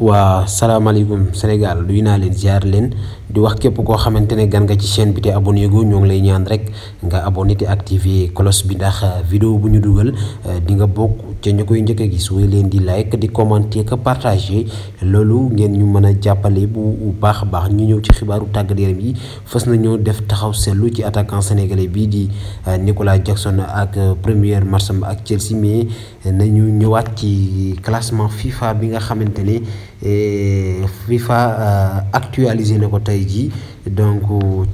waa salaamaaleykum Sénégal luy naa leen ziar leen di wax képp koo xamante ne gan nga ci chaîne bi te abonné gu ñoo ngi lay ñaan rek nga abonné te activé cloche bi ndax euh, vidéo bu ñu dugal euh, di nga bokk ca ñu koy njëkk a gis way leen di like di commenter ko partager loolu ngeen ñu mën a jàppale bu baax a baax ñu ñëw ci xibaaru tàggat yaram yi fas na nañoo def taxaw seetlu ci attaquant sénégalais bii di euh, Nicolas Jackson ak première match am ak Chelsea mais nañu ñëwaat ci classement FIFA bi nga xamante ne. et FIFA a actualisé le taille donc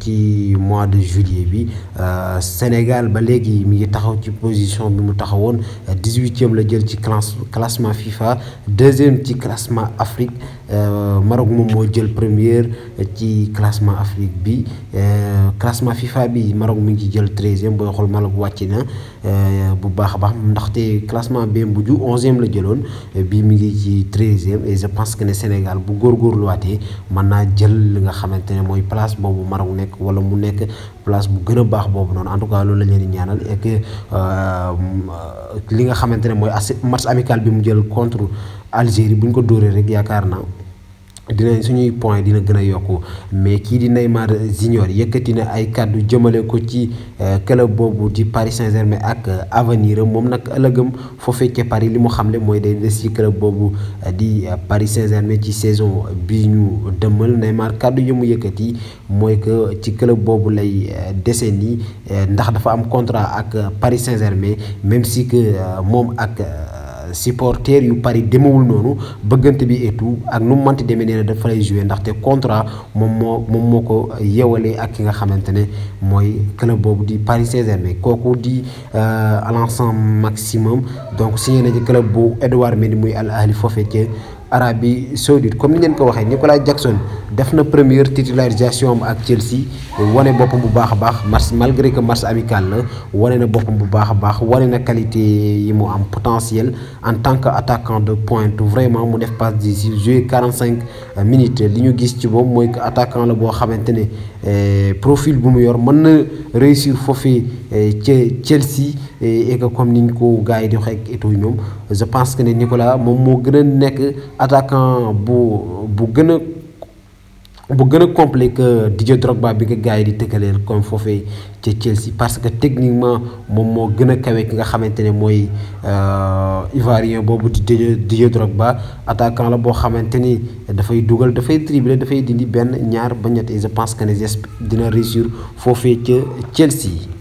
ci mois de juillet bi euh, Sénégal ba légui mi ngi taxaw ci position bi mu taxawoon dix-huitième la jël ci classement FIFA deuxième ci classement Afrique euh, Maroc mom mo jël première ci classement Afrique bi euh, classement FIFA bi Maroc mi ngi jël 13 treizième boy xol Maroc wàcc na bu baax baax ndax té classement bi bu ju onzième la jëlone bi mi ngi ci treizième et je pense que le Sénégal bu waté man na jël li nga xamante moy place boobu Maroc nekk wala mu nekk place bu gën baax boobu noonu en tout cas loolu la leen di ñaanal et euh, li nga xamante ne mooy match amicale bi mu jël contre Algérie bu ñu ko dóoree rek yaakaar naa. dina suñuy point dina gën a yokku mais kii di Neymar Junior yëkkati na ay kàddu jëmale ko ci euh, club boobu di Paris Saint-Germain ak euh, avenir am moom nag ëllëgam foo fekkee Paris li mu xamle mooy day des ci club boobu euh, di Paris Saint-Germain ci saison bi ñu dëmmal Neymar kàddu yi mu yëkkati mooy que ci club boobu lay dese nii ndax dafa am contrat ak Paris Saint-Germain même si que moom ak. supporter yu Paris demewul nonou bëggante bi et tout ak nu manti da fay jouer ndax te contrat mom ak ki club bobu di Paris saint di euh, l'ensemble maximum donc si na ci club bu Edouard Mendy Al Arabie Saoudite comme nous l'avons ko Nicolas Jackson def na première titularisation avec ak Chelsea il a bu une a baax malgré que match amical la wane na boppam bu baax a na qualité yi mu am potentiel en tant qu'attaquant de pointe vraiment mu def passe décisive joué 45 euh, minutes ce ñu gis ci moom mooy que attaquant la boo xamante ne euh, profil bu mu yor mën na réussir foofee euh, Chelsea et comme nous l'avons ko di je pense que Nicolas est moo gën nekk attaquant bu bu gëna bu gëna complet que Didier Drogba bi nga gars di tëkkaleel comme fofé ci Chelsea parce que techniquement mom mo gëna kawé ki nga xamante moy euh Ivoirien bobu di Didier Didier Drogba attaquant la boo xamante ni dafay dugal dafay dribbler fay dindi ben ñaar ba ñett et je pense que ne dina réussir fofé ci Chelsea.